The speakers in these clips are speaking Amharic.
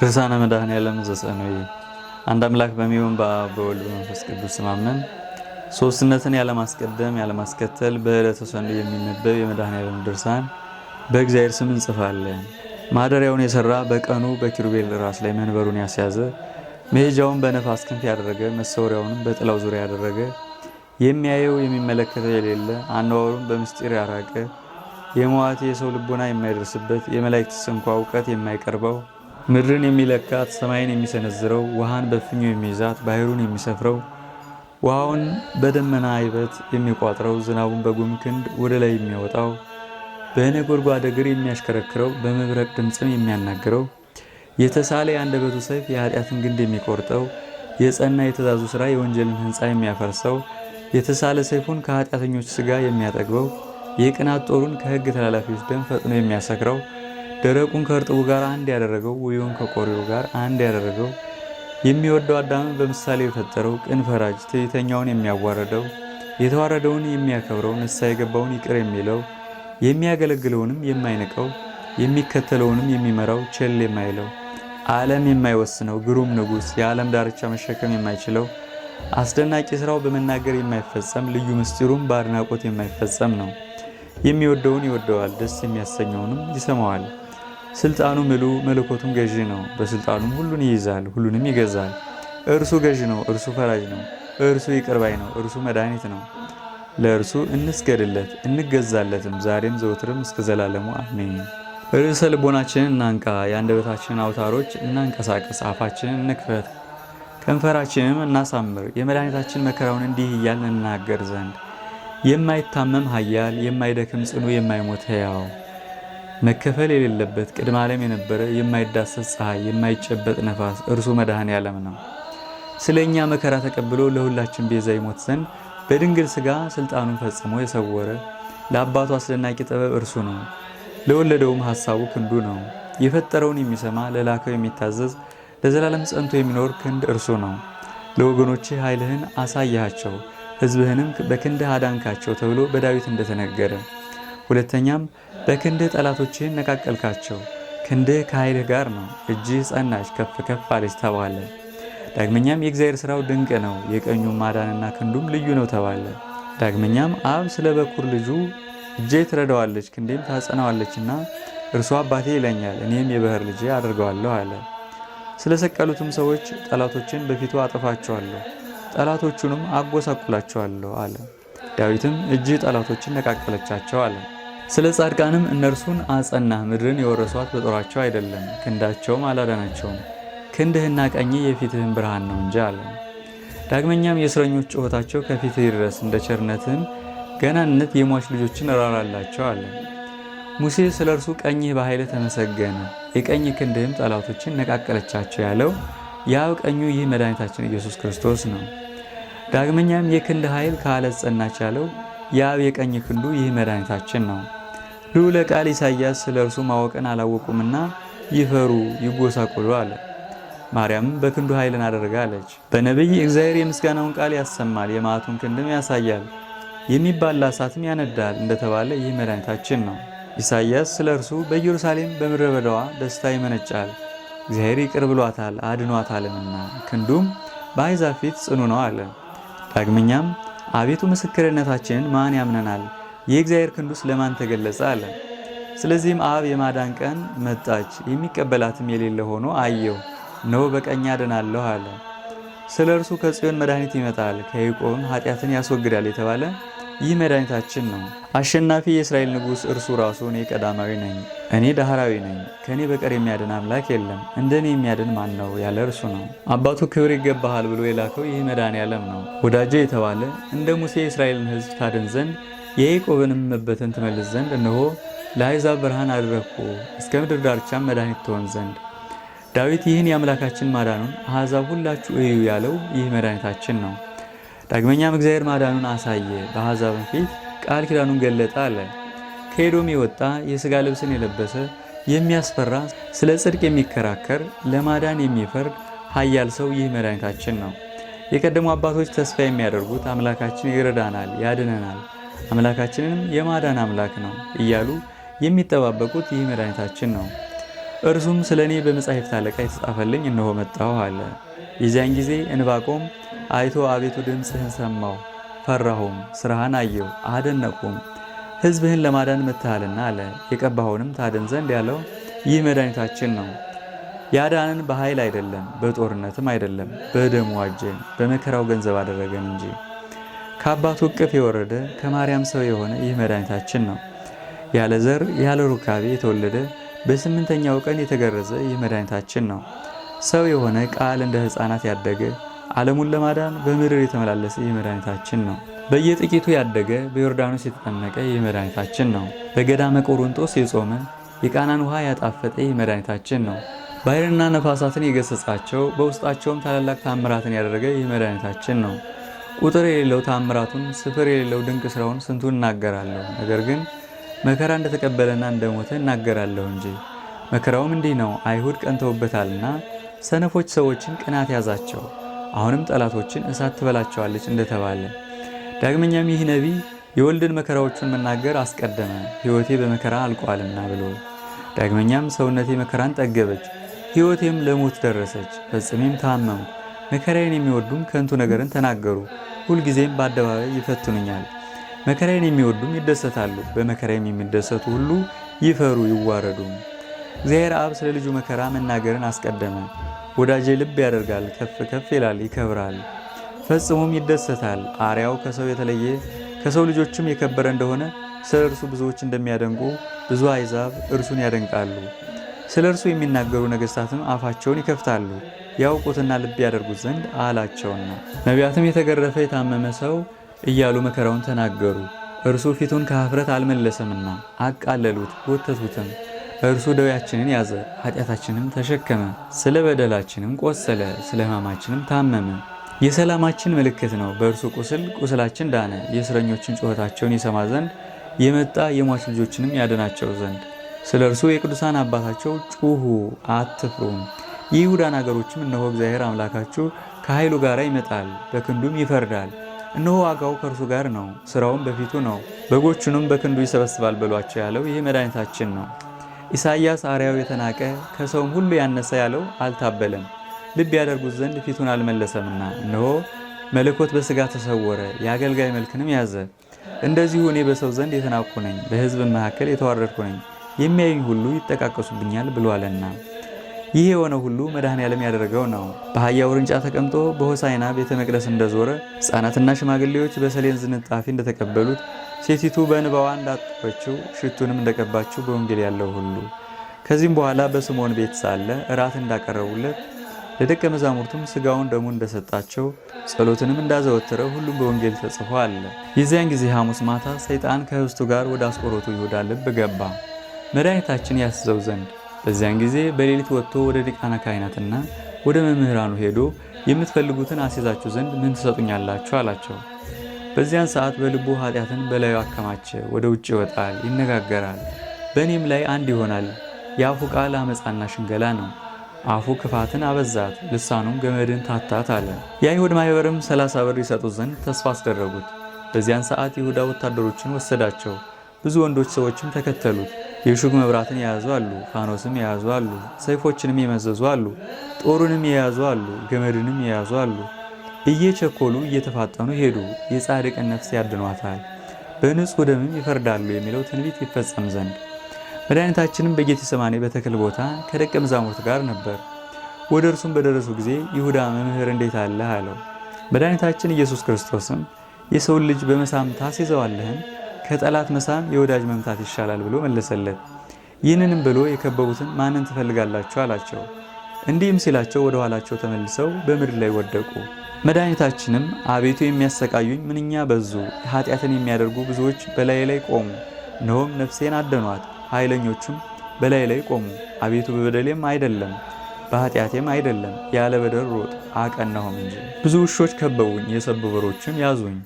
ድርሳነ መድኃኔዓለም ዘሰኑይ አንድ አምላክ በሚሆን በአብ በወልድ በመንፈስ ቅዱስ ማመን ሶስትነትን ያለማስቀደም ያለማስከተል በዕለተ ሰኑይ የሚነበብ የመድኃኔዓለም ድርሳን በእግዚአብሔር ስም እንጽፋለን። ማደሪያውን የሰራ በቀኑ በኪሩቤል ራስ ላይ መንበሩን ያስያዘ መሄጃውን በነፋስ ክንፍ ያደረገ መሰወሪያውንም በጥላው ዙሪያ ያደረገ የሚያየው የሚመለከተው የሌለ አነዋሩን በምስጢር ያራቀ የመዋቴ የሰው ልቦና የማይደርስበት የመላእክት ስንኳ እውቀት የማይቀርበው ምድርን የሚለካት ሰማይን የሚሰነዝረው ውሃን በፍኙ የሚይዛት ባህሩን የሚሰፍረው ውሃውን በደመና አይበት የሚቋጥረው ዝናቡን በጉም ክንድ ወደ ላይ የሚያወጣው በነጎድጓድ እግር የሚያሽከረክረው በመብረቅ ድምፅም የሚያናግረው የተሳለ የአንደበቱ ሰይፍ የኃጢአትን ግንድ የሚቆርጠው የጸና የትእዛዙ ሥራ የወንጀልን ሕንፃ የሚያፈርሰው የተሳለ ሰይፉን ከኃጢአተኞች ሥጋ የሚያጠግበው የቅናት ጦሩን ከሕግ ተላላፊዎች ደም ፈጥኖ የሚያሰክረው ደረቁን ከእርጥቡ ጋር አንድ ያደረገው ውዩን ከቆሪው ጋር አንድ ያደረገው የሚወደው አዳምን በምሳሌ የፈጠረው ቅን ፈራጅ ትዕቢተኛውን የሚያዋረደው የተዋረደውን የሚያከብረው ንስሐ የገባውን ይቅር የሚለው የሚያገለግለውንም የማይንቀው የሚከተለውንም የሚመራው ቸል የማይለው ዓለም የማይወስነው ግሩም ንጉሥ የዓለም ዳርቻ መሸከም የማይችለው አስደናቂ ሥራው በመናገር የማይፈጸም ልዩ ምስጢሩም በአድናቆት የማይፈጸም ነው። የሚወደውን ይወደዋል፣ ደስ የሚያሰኘውንም ይሰማዋል። ስልጣኑ ምሉ መለኮቱም ገዢ ነው። በስልጣኑም ሁሉን ይይዛል፣ ሁሉንም ይገዛል። እርሱ ገዢ ነው፣ እርሱ ፈራጅ ነው፣ እርሱ ይቅርባይ ነው፣ እርሱ መድኃኒት ነው። ለእርሱ እንስገድለት እንገዛለትም፣ ዛሬም ዘውትርም እስከ ዘላለሙ አሜን። ርዕሰ ልቦናችንን እናንቃ፣ የአንደበታችንን አውታሮች እናንቀሳቀስ፣ አፋችንን እንክፈት፣ ከንፈራችንም እናሳምር፣ የመድኃኒታችን መከራውን እንዲህ እያልን እናገር ዘንድ የማይታመም ኃያል የማይደክም ጽኑ የማይሞት ሕያው መከፈል የሌለበት ቅድመ ዓለም የነበረ የማይዳሰስ ፀሐይ የማይጨበጥ ነፋስ እርሱ መድኃኔ ዓለም ነው። ስለ እኛ መከራ ተቀብሎ ለሁላችን ቤዛ ይሞት ዘንድ በድንግል ሥጋ ሥልጣኑን ፈጽሞ የሰወረ ለአባቱ አስደናቂ ጥበብ እርሱ ነው። ለወለደውም ሐሳቡ ክንዱ ነው። የፈጠረውን የሚሰማ ለላከው የሚታዘዝ ለዘላለም ጸንቶ የሚኖር ክንድ እርሱ ነው። ለወገኖችህ ኃይልህን አሳያቸው ህዝብህንም በክንድህ አዳንካቸው ተብሎ በዳዊት እንደተነገረ፣ ሁለተኛም በክንድህ ጠላቶችህን ነቃቀልካቸው፣ ክንድህ ከኃይልህ ጋር ነው፣ እጅህ ጸናች፣ ከፍ ከፍ አለች ተባለ። ዳግመኛም የእግዚአብሔር ሥራው ድንቅ ነው፣ የቀኙ ማዳንና ክንዱም ልዩ ነው ተባለ። ዳግመኛም አብ ስለ በኩር ልጁ እጄ ትረዳዋለች ክንዴም ታጸናዋለችና እርሱ አባቴ ይለኛል እኔም የበህር ልጄ አድርገዋለሁ አለ። ስለሰቀሉትም ሰዎች ጠላቶችን በፊቱ አጠፋቸዋለሁ ጠላቶቹንም አጎሳቁላቸዋለሁ አለ። ዳዊትም እጅህ ጠላቶችን ነቃቀለቻቸው አለ። ስለ ጻድቃንም እነርሱን አጸና። ምድርን የወረሷት በጦራቸው አይደለም፣ ክንዳቸውም አላዳናቸውም። ክንድህና ቀኝ የፊትህን ብርሃን ነው እንጂ አለ። ዳግመኛም የእስረኞች ጩኸታቸው ከፊትህ ይድረስ፣ እንደ ቸርነትህም ገናነት የሟች ልጆችን እራራላቸው አለ። ሙሴ ስለ እርሱ ቀኝህ በኃይል ተመሰገነ፣ የቀኝ ክንድህም ጠላቶችን ነቃቀለቻቸው ያለው ያው ቀኙ ይህ መድኃኒታችን ኢየሱስ ክርስቶስ ነው። ዳግመኛም የክንድ ኃይል ከአለት ጸናች ያለው የአብ የቀኝ ክንዱ ይህ መድኃኒታችን ነው። ልዑለ ቃል ኢሳይያስ ስለ እርሱ ማወቅን አላወቁምና ይፈሩ ይጎሳቆሉ አለ። ማርያምም በክንዱ ኃይልን አደረገ አለች። በነቢይ እግዚአብሔር የምስጋናውን ቃል ያሰማል፣ የማቱን ክንድም ያሳያል፣ የሚባላ እሳትም ያነዳል እንደተባለ ይህ መድኃኒታችን ነው። ኢሳይያስ ስለ እርሱ በኢየሩሳሌም በምድረ በዳዋ ደስታ ይመነጫል እግዚአብሔር ይቅር ብሏታል አድኗታልምና ክንዱም በአሕዛብ ፊት ጽኑ ነው አለ። ዳግመኛም አቤቱ ምስክርነታችንን ማን ያምነናል? የእግዚአብሔር ክንዱስ ለማን ተገለጸ አለ። ስለዚህም አብ የማዳን ቀን መጣች፣ የሚቀበላትም የሌለ ሆኖ አየሁ፣ እነሆ በቀኝ አድናለሁ አለ። ስለ እርሱ ከጽዮን መድኃኒት ይመጣል፣ ከይቆም ኃጢአትን ያስወግዳል የተባለ ይህ መድኃኒታችን ነው። አሸናፊ የእስራኤል ንጉሥ እርሱ ራሱ እኔ ቀዳማዊ ነኝ፣ እኔ ዳህራዊ ነኝ፣ ከእኔ በቀር የሚያድን አምላክ የለም፣ እንደ እኔ የሚያድን ማን ነው ያለ እርሱ ነው። አባቱ ክብር ይገባሃል ብሎ የላከው ይህ መድኃኔ ዓለም ነው። ወዳጄ የተባለ እንደ ሙሴ የእስራኤልን ሕዝብ ታድን ዘንድ የያዕቆብንም መበተን ትመልስ ዘንድ እነሆ ለአሕዛብ ብርሃን አደረግኩ እስከ ምድር ዳርቻም መድኃኒት ትሆን ዘንድ ዳዊት ይህን የአምላካችን ማዳኑን አሕዛብ ሁላችሁ እዩ ያለው ይህ መድኃኒታችን ነው። ዳግመኛም እግዚአብሔር ማዳኑን አሳየ፣ በአሕዛብም ፊት ቃል ኪዳኑን ገለጠ አለ። ከኤዶም የወጣ የሥጋ ልብስን የለበሰ የሚያስፈራ ስለ ጽድቅ የሚከራከር ለማዳን የሚፈርድ ኃያል ሰው ይህ መድኃኒታችን ነው። የቀደሙ አባቶች ተስፋ የሚያደርጉት አምላካችን ይረዳናል፣ ያድነናል፣ አምላካችንም የማዳን አምላክ ነው እያሉ የሚጠባበቁት ይህ መድኃኒታችን ነው። እርሱም ስለ እኔ በመጻሕፍት አለቃ የተጻፈልኝ እነሆ መጣሁ አለ። የዚያን ጊዜ እንባቆም አይቶ አቤቱ ድምፅህን ሰማው፣ ፈራሁም፣ ስራህን አየሁ፣ አደነቁም። ህዝብህን ለማዳን መጥተሃልና አለ። የቀባኸውንም ታድን ዘንድ ያለው ይህ መድኃኒታችን ነው። ያዳንን በኃይል አይደለም፣ በጦርነትም አይደለም፣ በደሙ ዋጀን፣ በመከራው ገንዘብ አደረገን እንጂ። ከአባቱ እቅፍ የወረደ ከማርያም ሰው የሆነ ይህ መድኃኒታችን ነው። ያለ ዘር ያለ ሩካቤ የተወለደ በስምንተኛው ቀን የተገረዘ ይህ መድኃኒታችን ነው። ሰው የሆነ ቃል እንደ ሕፃናት ያደገ ዓለሙን ለማዳን በምድር የተመላለሰ ይህ መድኃኒታችን ነው። በየጥቂቱ ያደገ በዮርዳኖስ የተጠመቀ ይህ ነው። በገዳመ ቆሮንጦስ የጾመ የቃናን ውሃ ያጣፈጠ ይህ ነው። ባሕርና ነፋሳትን የገሰጻቸው በውስጣቸውም ታላላቅ ታምራትን ያደረገ የመድኃኒታችን ነው። ቁጥር የሌለው ታምራቱን ስፍር የሌለው ድንቅ ስራውን ስንቱ እናገራለሁ። ነገር ግን መከራ እንደተቀበለና እንደሞተ እናገራለሁ እንጂ መከራውም እንዲህ ነው። አይሁድ ቀንተውበታልና ሰነፎች ሰዎችን ቅናት ያዛቸው። አሁንም ጠላቶችን እሳት ትበላቸዋለች እንደተባለ ዳግመኛም ይህ ነቢይ የወልድን መከራዎቹን መናገር አስቀደመ፣ ሕይወቴ በመከራ አልቋልና ብሎ ዳግመኛም ሰውነቴ መከራን ጠገበች፣ ሕይወቴም ለሞት ደረሰች፣ ፈጽሜም ታመምኩ። መከራዬን የሚወዱም ከንቱ ነገርን ተናገሩ፣ ሁልጊዜም በአደባባይ ይፈትኑኛል። መከራዬን የሚወዱም ይደሰታሉ፣ በመከራዬም የሚደሰቱ ሁሉ ይፈሩ ይዋረዱም። እግዚአብሔር አብ ስለ ልጁ መከራ መናገርን አስቀደመ። ወዳጄ ልብ ያደርጋል፣ ከፍ ከፍ ይላል፣ ይከብራል፣ ፈጽሞም ይደሰታል። አርያው ከሰው የተለየ ከሰው ልጆችም የከበረ እንደሆነ ስለ እርሱ ብዙዎች እንደሚያደንቁ ብዙ አይዛብ እርሱን ያደንቃሉ። ስለ እርሱ የሚናገሩ ነገስታትም አፋቸውን ይከፍታሉ ያውቁትና ልብ ያደርጉት ዘንድ አላቸውና። ነቢያትም የተገረፈ የታመመ ሰው እያሉ መከራውን ተናገሩ። እርሱ ፊቱን ከኀፍረት አልመለሰምና አቃለሉት፣ ጎተቱትም እርሱ ደዌያችንን ያዘ፣ ኃጢአታችንም ተሸከመ፣ ስለ በደላችንም ቆሰለ፣ ስለ ሕማማችንም ታመመ። የሰላማችን ምልክት ነው። በእርሱ ቁስል ቁስላችን ዳነ። የእስረኞችን ጩኸታቸውን ይሰማ ዘንድ የመጣ የሟች ልጆችንም ያድናቸው ዘንድ ስለ እርሱ የቅዱሳን አባታቸው ጩሁ፣ አትፍሩም። የይሁዳን አገሮችም እነሆ እግዚአብሔር አምላካችሁ ከኃይሉ ጋር ይመጣል፣ በክንዱም ይፈርዳል። እነሆ ዋጋው ከእርሱ ጋር ነው፣ ስራውም በፊቱ ነው፣ በጎቹንም በክንዱ ይሰበስባል በሏቸው ያለው ይህ መድኃኒታችን ነው። ኢሳይያስ አርያው የተናቀ ከሰውም ሁሉ ያነሰ ያለው አልታበለም፣ ልብ ያደርጉት ዘንድ ፊቱን አልመለሰምና፣ እነሆ መለኮት በስጋ ተሰወረ፣ የአገልጋይ መልክንም ያዘ። እንደዚሁ እኔ በሰው ዘንድ የተናቅኩ ነኝ፣ በሕዝብ መካከል የተዋረድኩ ነኝ፣ የሚያዩኝ ሁሉ ይጠቃቀሱብኛል ብሏልና። ይህ የሆነ ሁሉ መድኃኔዓለም ያደረገው ነው። በአህያ ውርንጫ ተቀምጦ በሆሳይና ቤተ መቅደስ እንደዞረ ሕፃናትና ሽማግሌዎች በሰሌን ዝንጣፊ እንደተቀበሉት ሴቲቱ በእንባዋ እንዳጠበችው ሽቱንም እንደቀባችው በወንጌል ያለው ሁሉ። ከዚህም በኋላ በስምዖን ቤት ሳለ እራት እንዳቀረቡለት ለደቀ መዛሙርቱም ስጋውን ደሙ እንደሰጣቸው ጸሎትንም እንዳዘወተረ ሁሉም በወንጌል ተጽፎ አለ። የዚያን ጊዜ ሐሙስ ማታ ሰይጣን ከህብስቱ ጋር ወደ አስቆሮቱ ይሁዳ ልብ ገባ፣ መድኃኒታችን ያስዘው ዘንድ። በዚያን ጊዜ በሌሊት ወጥቶ ወደ ዲቃና ካህናትና ወደ መምህራኑ ሄዶ የምትፈልጉትን አስይዛችሁ ዘንድ ምን ትሰጡኛላችሁ? አላቸው። በዚያን ሰዓት በልቡ ኃጢአትን በላዩ አከማቸ፣ ወደ ውጭ ይወጣል፣ ይነጋገራል፣ በእኔም ላይ አንድ ይሆናል። የአፉ ቃል አመፃና ሽንገላ ነው። አፉ ክፋትን አበዛት፣ ልሳኑም ገመድን ታታት አለ። የአይሁድ ማኅበርም ሰላሳ ብር ይሰጡት ዘንድ ተስፋ አስደረጉት። በዚያን ሰዓት ይሁዳ ወታደሮችን ወሰዳቸው፣ ብዙ ወንዶች ሰዎችም ተከተሉት። የሹግ መብራትን የያዙ አሉ፣ ፋኖስም የያዙ አሉ፣ ሰይፎችንም የመዘዙ አሉ፣ ጦሩንም የያዙ አሉ፣ ገመድንም የያዙ አሉ። እየቸኮሉ እየተፋጠኑ ሄዱ። የጻድቅን ነፍስ ያድኗታል፣ በንጹህ ደምም ይፈርዳሉ የሚለው ትንቢት ይፈጸም ዘንድ መድኃኒታችንም በጌቴሰማኔ በተክል ቦታ ከደቀ መዛሙርት ጋር ነበር። ወደ እርሱም በደረሱ ጊዜ ይሁዳ መምህር እንዴት አለህ አለው። መድኃኒታችን ኢየሱስ ክርስቶስም የሰውን ልጅ በመሳም ታስይዘዋለህን? ከጠላት መሳም የወዳጅ መምታት ይሻላል ብሎ መለሰለት። ይህንንም ብሎ የከበቡትን ማንን ትፈልጋላችሁ አላቸው። እንዲህም ሲላቸው ወደ ኋላቸው ተመልሰው በምድር ላይ ወደቁ። መድኃኒታችንም አቤቱ የሚያሰቃዩኝ ምንኛ በዙ፣ ኃጢአትን የሚያደርጉ ብዙዎች በላይ ላይ ቆሙ፣ እነሆም ነፍሴን አደኗት። ኃይለኞቹም በላይ ላይ ቆሙ። አቤቱ በበደሌም አይደለም በኃጢአቴም አይደለም፣ ያለ በደል ሮጥ አቀናሁም እንጂ። ብዙ ውሾች ከበውኝ፣ የሰቡ በሮችም ያዙኝ።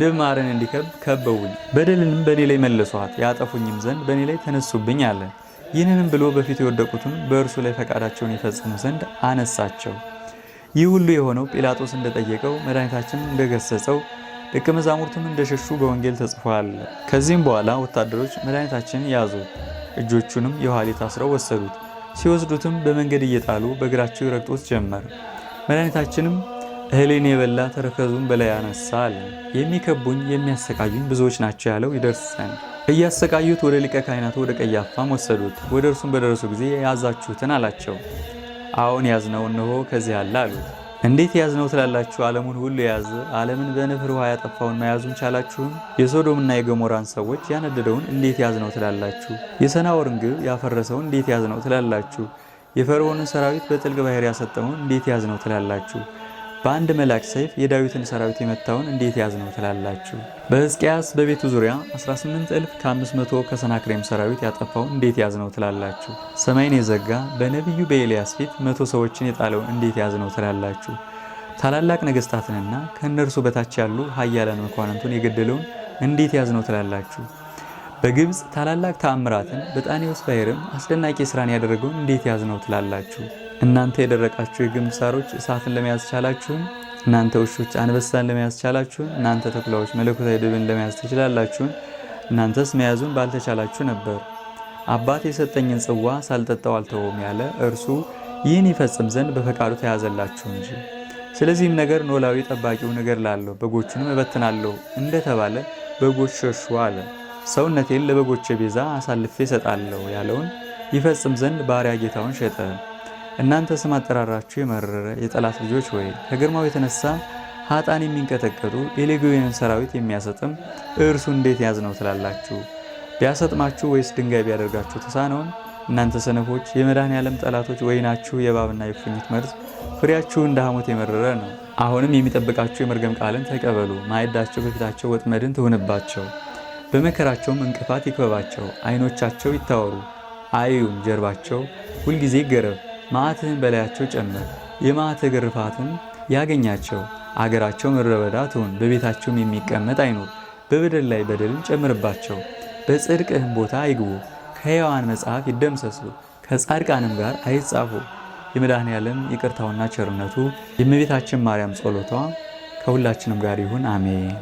ንብ ማረን እንዲከብ ከበውኝ፣ በደልንም በእኔ ላይ መለሷት፣ ያጠፉኝም ዘንድ በእኔ ላይ ተነሱብኝ አለ። ይህንንም ብሎ በፊት የወደቁትም በእርሱ ላይ ፈቃዳቸውን የፈጽሙ ዘንድ አነሳቸው። ይህ ሁሉ የሆነው ጲላጦስ እንደጠየቀው መድኃኒታችን እንደገሰጸው ደቀ መዛሙርቱም እንደሸሹ በወንጌል ተጽፏል። ከዚህም በኋላ ወታደሮች መድኃኒታችንን ያዙት፣ እጆቹንም የኋሊት አስረው ወሰዱት። ሲወስዱትም በመንገድ እየጣሉ በእግራቸው ይረግጡት ጀመር። መድኃኒታችንም እህሌን የበላ ተረከዙን በላይ ያነሳ አለ። የሚከቡኝ የሚያሰቃዩኝ ብዙዎች ናቸው ያለው ይደርሰን። እያሰቃዩት ወደ ሊቀ ካህናቱ ወደ ቀያፋም ወሰዱት። ወደ እርሱም በደረሱ ጊዜ ያዛችሁትን አላቸው። አዎን ያዝነው እንሆ ከዚህ አለ አሉት። እንዴት ያዝነው ትላላችሁ? ዓለሙን ሁሉ የያዘ ዓለምን በንፍር ውሃ ያጠፋውን መያዙን ቻላችሁም? የሶዶምና የገሞራን ሰዎች ያነደደውን እንዴት ያዝነው ትላላችሁ? የሰናወርን ግብ ያፈረሰውን እንዴት ያዝነው ትላላችሁ? የፈርዖንን ሰራዊት በጥልቅ ባህር ያሰጠመውን እንዴት ያዝነው ትላላችሁ? በአንድ መልአክ ሰይፍ የዳዊትን ሰራዊት የመታውን እንዴት ያዝ ነው ትላላችሁ? በሕዝቅያስ በቤቱ ዙሪያ 18 እልፍ ከ ከሰናክሬም ሰራዊት ያጠፋውን እንዴት ያዝ ነው ትላላችሁ? ሰማይን የዘጋ በነቢዩ በኤልያስ ፊት መቶ ሰዎችን የጣለውን እንዴት ያዝ ነው ትላላችሁ? ታላላቅ ነገስታትንና ከእነርሱ በታች ያሉ ኃያላን መኳንንቱን የገደለውን እንዴት ያዝ ነው ትላላችሁ? በግብፅ ታላላቅ ተአምራትን በጣኔዎስ ባሕርም አስደናቂ ስራን ያደረገውን እንዴት ያዝ ነው ትላላችሁ? እናንተ የደረቃችሁ የግንብ ሳሮች እሳትን ለመያዝ ቻላችሁም? እናንተ ውሾች አንበሳን ለመያዝ ቻላችሁን? እናንተ ተኩላዎች መለኮታዊ ድብን ለመያዝ ትችላላችሁን? እናንተስ መያዙን ባልተቻላችሁ ነበር። አባት የሰጠኝን ጽዋ ሳልጠጣው አልተወም ያለ እርሱ ይህን ይፈጽም ዘንድ በፈቃዱ ተያዘላችሁ እንጂ። ስለዚህም ነገር ኖላዊ ጠባቂው ነገር እገድላለሁ፣ በጎቹንም እበትናለሁ እንደተባለ በጎች ሸሹ አለ። ሰውነቴን ለበጎቼ ቤዛ አሳልፌ እሰጣለሁ ያለውን ይፈጽም ዘንድ ባሪያ ጌታውን ሸጠ። እናንተ ስም አጠራራችሁ የመረረ የጠላት ልጆች ወይ ከግርማው የተነሳ ሀጣን የሚንቀጠቀጡ የሌጌዮንን ሰራዊት የሚያሰጥም እርሱ እንዴት ያዝ ነው ትላላችሁ? ቢያሰጥማችሁ ወይስ ድንጋይ ቢያደርጋችሁ ተሳነውን? እናንተ ሰነፎች የመድኃኔዓለም ጠላቶች ወይናችሁ የእባብና የእፉኝት መርዝ ፍሬያችሁ እንደ ሐሞት የመረረ ነው። አሁንም የሚጠብቃችሁ የመርገም ቃልን ተቀበሉ። ማዕዳቸው በፊታቸው ወጥመድን ትሁንባቸው፣ በመከራቸውም እንቅፋት ይክበባቸው። ዓይኖቻቸው ይታወሩ አዩም፣ ጀርባቸው ሁልጊዜ ይገረብ። መዓትህን በላያቸው ጨምር፣ የመዓትህ ግርፋትም ያገኛቸው። አገራቸው ምድረ በዳ ትሁን፣ በቤታቸውም የሚቀመጥ አይኑር። በበደል ላይ በደልን ጨምርባቸው፣ በጽድቅህም ቦታ አይግቡ። ከሕያዋን መጽሐፍ ይደምሰሱ፣ ከጻድቃንም ጋር አይጻፉ። የመድኃኔ ዓለም ይቅርታውና ቸርነቱ የእመቤታችን ማርያም ጸሎቷ ከሁላችንም ጋር ይሁን፣ አሜን።